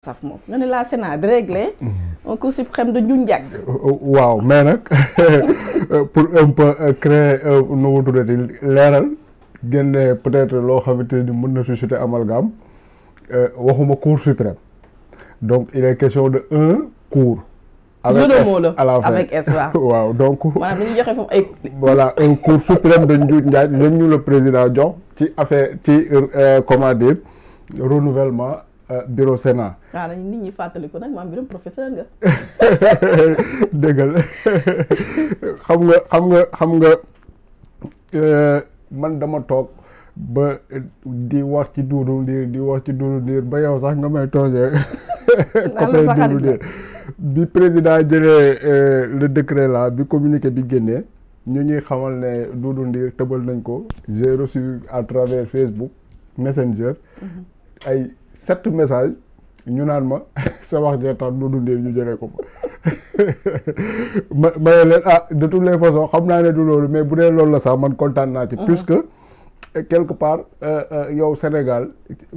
saf moom nga ne la Sénat réglé. un cour suprême de Ndiundiak. waaw mais nag pour un peu euh, créer euh, nu mu leeral génne peut-être loo xamante ni mën na susciter amalgame euh, waxuma cour suprême donc il est question de un cours. avec S la waaw donc. maanaam li ñu suprême de Ndiundiak lañ ñu le président jox ci affaire ci comment dire renouvellement. Euh, bureau Sénat. waaw ah, nag nit ñi fàttaliku nag maam Birame professeur nga. dëggal xam nga xam nga xam nga euh, man dama toog ba di wax ci Doudou Ndir di wax ci Doudou Ndir ba yow sax nga may toojee. côté Doudou Ndir bi président jëlee euh, le décret là bi communiqué bi génnee ñu ñuy xamal ne Doudou ndiir tëbal nañ ko. j'ai reçu à travers Facebook Messenger. Mm-hmm. ay. sept message ñu naan ma sa wax jee tax dundee ñu jëlee ko ma ma leen ah de toutes les façons xam naa ne du loolu mais bu dee loolu la sax man kontaan naa ci mm-hmm. puisque eh, quelque part euh, euh, yow Sénégal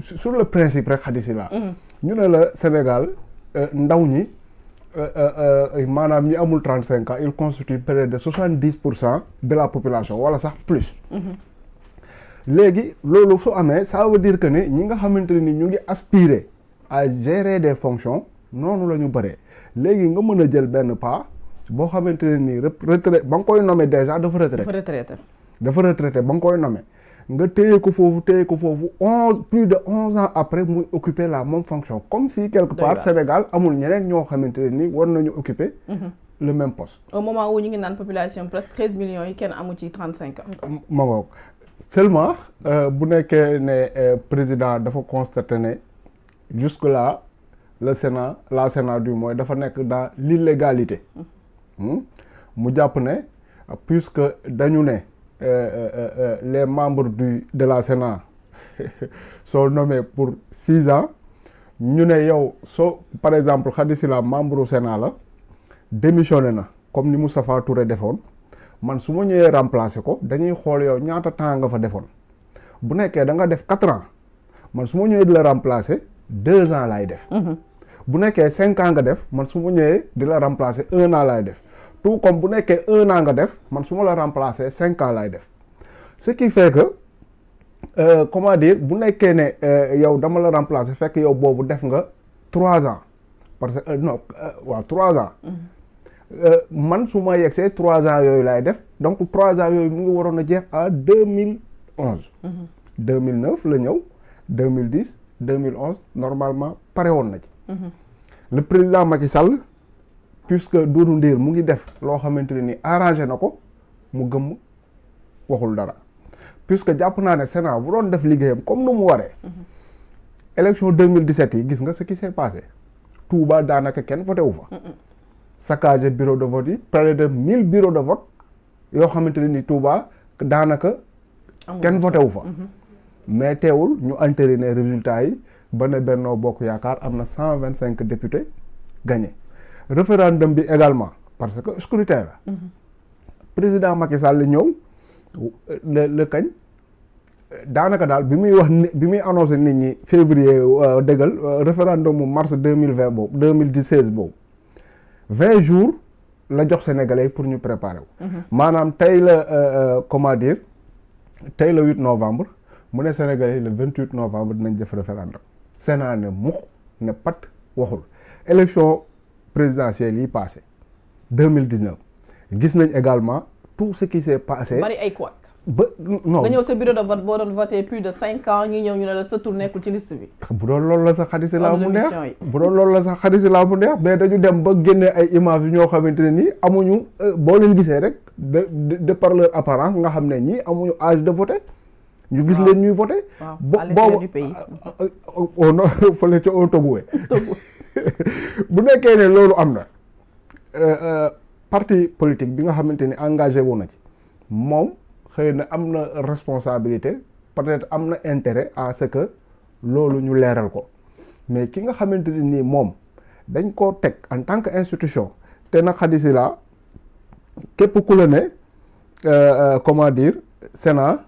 sur le principe rek xadisi laa mm-hmm. ñu ne la Sénégal euh, ndaw ñi maanaam ñi amul trente cinq ans il constitue près de soixante dix pour cent de la population wala sax plus mm-hmm. léegi loolu su amee ça veut dire que ni ñi nga xamante ni ñu ngi aspirer à gérer des fonctions noonu la ñu bëree léegi nga mën a jël benn pas boo xamante ne nii retraite ba nga koy nommé déjà dafa retraité dafa retraité ba nga koy nommé nga téye ko foofu téye ko foofu onze plus de onze ans après muy occuper la même fonction comme si quelque part Sénégal amul ñeneen ñoo xamante ne nii war nañu occuper mhm. le même poste au moment où ñu ngi naan population presque treize millions yi kenn amu ci trente cinq ans seulement euh, bu nekkee ne euh, président dafa constaté ne jusque là le Sénat la Sénat du moins dafa nekk dans l'illégalité hmm? mu jàpp ne puisque dañu ne euh, les membres du de la Sénat soo nommés pour six ans ñu ne yow soo par exemple Khady la membre Sénat la démissionné na comme ni Moustapha Touré defoon man su ma ñëwee remplacer ko dañuy xool yow ñaata temps nga fa defoon bu nekkee da nga def quatre ans man su ma ñëwee di la remplacer deux ans laay def. Mhm. bu nekkee cinq ans nga def man su ma ñëwee di la remplacer un laay def tout comme bu nekkee un nga def man su ma la remplacer cinq ans laay def ce qui fait que. Euh, comment dire bu nekkee ne euh, yow dama la remplacer fekk yow boobu def nga trois ans parce que euh, non euh, trois ans. Mhm. Euh, man su ma yegsee trois ans yooyu laay def donc trois ans yooyu mu ngi waroon a jeex à deux mille onze. Mhm. deux mille neuf la ñëw deux mille dix deux mille onze normalement pare woon na ci. Mhm. le président Macky Sall puisque Doudou Ndir mu ngi def loo xamante ne ni arrangé na ko mu gëmm waxul dara puisque jàpp naa ne Sénat bu doon def liggéeyam comme nu mu waree. Mhm. élection 2017 yi gis nga ce qui s'est passé Touba daanaka kenn voté wu fa. saccagé bureau de vote yi près de mille bureaux de vote yoo xamante ne ni Touba daanaka. kenn voté wu fa. Mm-hmm. mais teewul ñu entériné résultat yi ba ne Benno Bokk Yaakaar am na cent vingt cinq députés gagné référendum bi également parce que scrutin la. Mm -hmm. président Macky Sall la ñëw le le kañ daanaka daal bi muy wax bi muy annoncé nit ñi février euh, dëggal euh, référendum mars boobu. vingt jours la jox sénégalais pour ñu préparer wu. Mhm. maanaam tey la euh, euh, comment dire tey la huit novembre mu ne sénégalais le vingt huit novembre dinañ def référendum. Sénat ne mukk ne pat waxul élection présidentielle yi passé deux mille dix neuf gis nañ également tout ce qui s' est passé. ba non nga ñëw sa bureau de vote boo doon voté plus de cinq ans ñi ñëw ñu ne la sa tur nekkul ci liste bi. bu doon loolu la sax xadisi laa mu neex bu doon loolu la sax xadisi laa mu neex mais dañu dem ba génne ay image yu ñoo xamante ne nii amuñu euh, boo leen gisee rek de de par leur apparence nga xam ne ñii amuñu age de voter ñu gis leen ñuy voter boobu ono fële ca au Togo bu nekkee ne loolu am na euh, euh, parti politique bi nga xamante ni engagé woon na ci moom xëy na am na responsabilité peut-être am na intérêt à ce que loolu ñu leeral ko mais ki nga xamante ne nii moom dañ koo teg en tant que institution te nag xadisi la képp ku la ne euh, euh, comment dire Sénat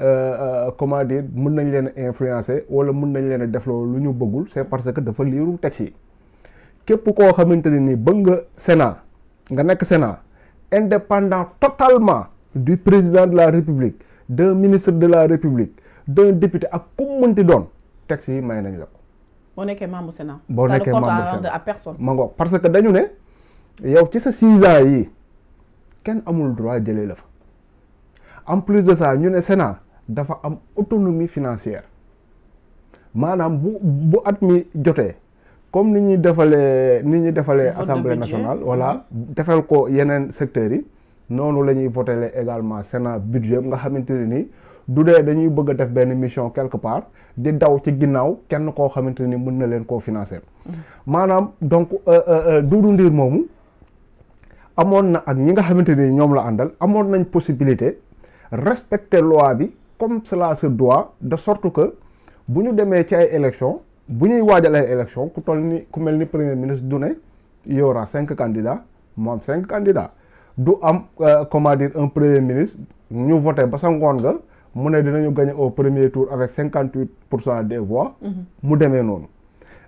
euh, comment dire mën nañ leen a influencer wala mën nañ leen a def loolu lu ñu bëggul c'est parce que dafa liiru texte yi képp koo xamante ne nii bëgg nga Sénat nga nekk Sénat indépendant totalement du président de la république d'un ministre de la république d'un député ak ku mënti doon texte yi may nañ la ko. boo nekkee membre Sénat. boo nekkee membre Sénat à personne. ma parce que dañu ne yow ci sa six yi kenn amul droit jëlee la fa en plus de ça ñu ne Sénat dafa am autonomie financière maanaam bu bu at mi jotee. comme ni ñuy defalee ni ñuy defalee assemblée nationale voilà defal ko yeneen secteurs yi noonu lañuy ñuy votelee également Sénat budget nga xamante ne ni du dee dañuy bëgg a def benn mission quelque part di daw ci ginnaaw kenn koo xamante ni mën na leen koo financer. maanaam donc euh, euh, euh, Doudou Ndir moomu amoon na ak ñi nga xamante ni ñoom la àndal amoon nañ possibilité respecte loi bi comme cela se doit de sortu que bu ñu demee ci ay élections bu ñuy waajal ay élections ku toll ni ku mel ni premier ministre du ne y aura cinq candidats moom cinq candidats. du am euh, comment dire un premier ministre ñu voté ba sa ngoon nga mu ne dinañu gagné au premier tour avec cinquante huit pour cent des voix. Mhm. mu demee noonu.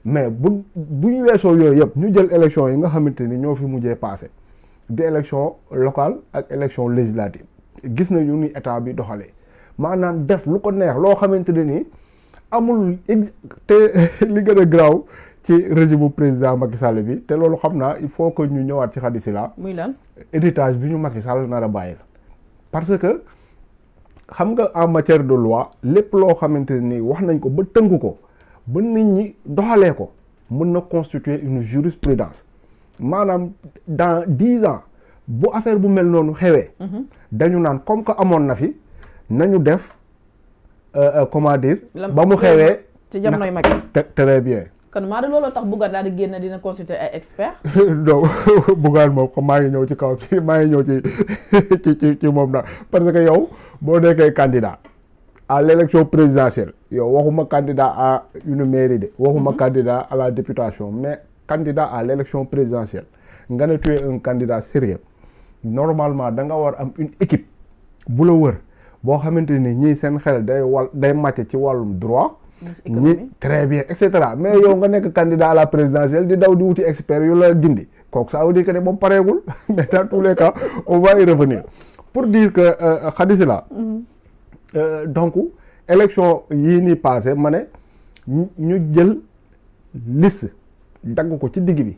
mais bu bu ñu weesoo yooyu yëpp ñu jël élection yi nga xamante ni ñoo fi mujjee passé di élection locale ak élection législative gis na ñu ni état bi doxalee maanaam def lu ko neex loo xamante ne ni amul te li gën a garaaw ci régime bu président Macky Sall bi te loolu xam naa il faut que ñu ñëwaat ci xadisi la muy lan héritage bi ñu Macky Sall nar a bàyyil parce que xam nga en matière de loi lépp loo xamante ni wax nañ ko ba tënk ko ba nit ñi doxalee ko mën na constituer une jurisprudence maanaam dans dix ans bu affaire bu mel noonu xewee. Mhm. dañu naan comme que amoon na fi nañu def euh, euh, comment dire. ba mu xewee. ci jamonoy mag très bien kon maa de looloo tax Bougane daal di génn dina consulter ay experts. non moom maa ngi ñëw ci kaw maa ngi ñëw ci ci ci ci moom na parce que yow boo nekkee candidat à l'élection présidentielle yow waxuma candidat à une de waxuma mhm. candidat à la députation mais candidat à l'élection présidentielle nga ne tu es un candidat sérieux normalement da nga war am une équipe bu la wër boo xamante ni ñii seen xel day wal day màcc ci wàllum droit. ñi très bien et cetera mais yow nga nekk candidat à la présidentielle di daw di wuti expert yu la gindi kooku ça veut dire que ne moom pareegul mais dans tous les cas on va y revenir pour dire que xadisi euh, la mm-hmm. euh, donc élection yii nii passé ma ne ñu jël liste dagg ko ci digg bi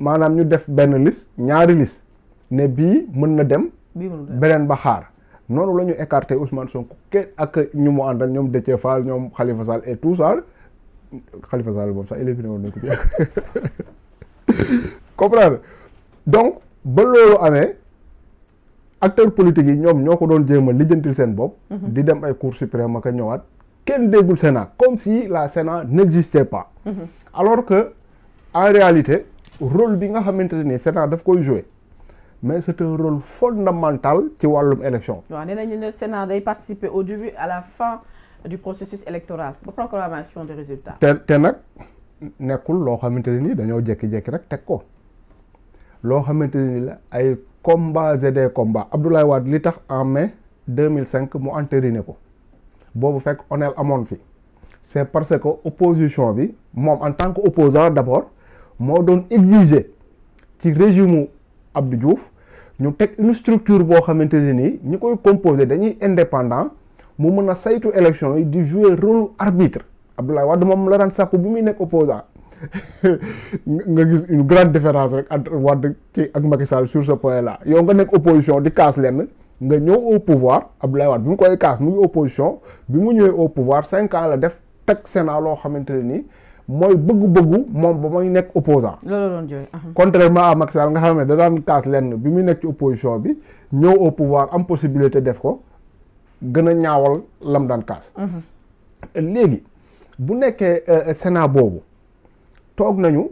maanaam ñu def benn liste ñaari liste ne bii mën na dem beneen ba xaar noonu la ñu écarté Ousmane Sonko kenn ak ñu mu àndal ñoom Déthié Fall ñoom Khalifa Sall et tout ça Khalifa Sall boobu sax éliminé woon nañ ko comprendre donc ba loolu amee acteurs yi ñoom ñoo ko doon jéem a lijjantil seen bopp. Mhm. di dem ay cour suprême ak a ñëwaat. kenn déggul Sénat comme si la Sénat n'existait pas. Mhm. alors que en réalité role bi nga xamante ne Sénat daf koy jouer. mais c' est un rôle fondamental ci wàllum élection. waaw nee nañu ne Sénat day participer au début à la fin du processus électoral ba proclamation des résultats. te te nag nekkul loo xamante ne ni dañoo jékki-jékki rek teg ko loo xamante ne ni la ay combats et des combats Abdoulaye Wade li tax en mai 2005 mu entériné ko boobu fekk onel amoon fi. c' est parce que opposition bi moom en tant que opposant d' abord moo doon exiger ci régime Abdou Diouf ñu teg une structure boo xamante ne nii ñu koy composé dañuy indépendant mu mën a saytu élection yi di jouer rôle arbitre Abdoulaye Wade moom la daan sàkku bi muy nekk opposant nga gis une grande différence rek entre Wade ci ak Macky Sall sur ce point là yow nga nekk opposition di kaas lenn nga ñëw au pouvoir Abdoulaye Wade bi mu koy kaas mu ngi opposition bi mu ñëwee au pouvoir cinq la def teg Sénat loo xamante ne nii. mooy bëggu-bëggu moom ba muy nekk opposant loolu doon jooy uh-huh. contrairement à Macky Sall nga xam ne da daan kaas lenn bi muy nekk ci opposition bi ñëw au pouvoir am possibilité def ko gën a ñaawal lam daan kaas uh-huh. léegi bu nekkee euh, Sénat boobu toog nañu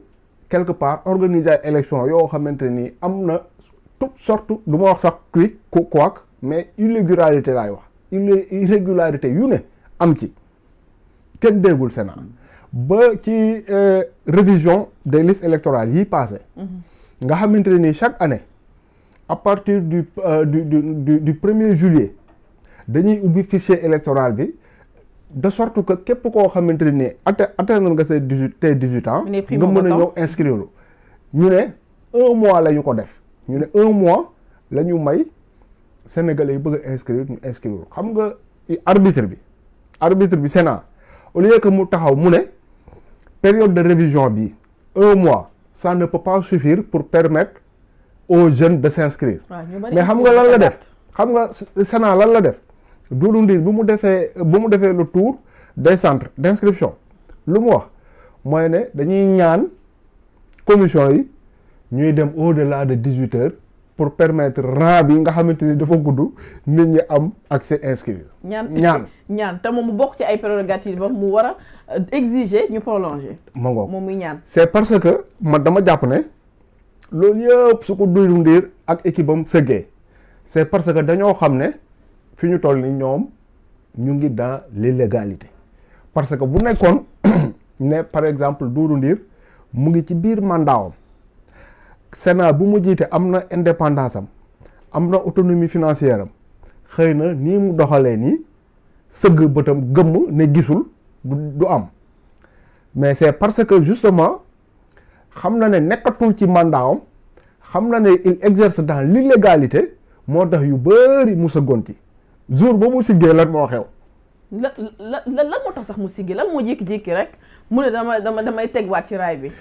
quelque part organiser ay élection yoo xamante ni am na toute sorte du ma wax sax clic ku kuwaak mais irrégularité laay wax irrégularité yu ne am ci kenn déggul Sénat ba ci euh, révision des listes électorales yi passé mhm. nga xamante ne ni chaque année à partir euh, du du du du premier juillet dañuy ubbi fichier électoral bi de sorte que képp koo xamante ne ni atteindre nga say dix-huit tey dix-huit ans nga mën a ñëw inscrire ñu ne un mois la ñu ko def ñu ne un mois la ñu may sénégale yi bëgg a inscrire ñu inscrire xam nga arbitre bi arbitre bi Sénat au lieu que mu taxaw mu ne période de révision bi un mois ça ne pas suffire pour permettre aux jeunes de s'inscrire mais xam nga lan la def xam nga Sénat lan la def Doudou Ndir bu mu defee bu mu defee le tour des centres d'inscription lu mu wax mooy ne dañuy ñaan commission yi ñuy dem de la de dix huiteurs pour permettre rang bi nga xamante ni dafa gudd nit ñi am accès inscrire. ñaan ñaan ñaan te moom mu bokk ci ay prérogatives am mu war a euh, exiger ñu prolonger. ma ngoog moom muy ñaan. c'est parce que man dama jàpp ne loolu yëpp su ko dundum ak équipe am sëggee c'est parce que dañoo xam ne fi ñu toll ni ñoom ñu ngi dans l'illégalité parce que bu nekkoon ne par exemple Doudou Ndir mu ngi ci biir mandaawam Sénat bu mu jiite am na indépendance am am na autonomie financière am xëy na nii mu doxalee nii sëgg bëtam gëmm ne gisul du am mais c'est parce que justement xam na ne nekkatul ci mandatam xam na ne il exerce dans l'illégalité moo tax yu bëri mu sëggoon ci jour ba mu siggee lan moo xew. la lan moo tax sax mu siggee lan moo jékki-jékki rek mu ne dama dama damay tegwaat ci raay bi.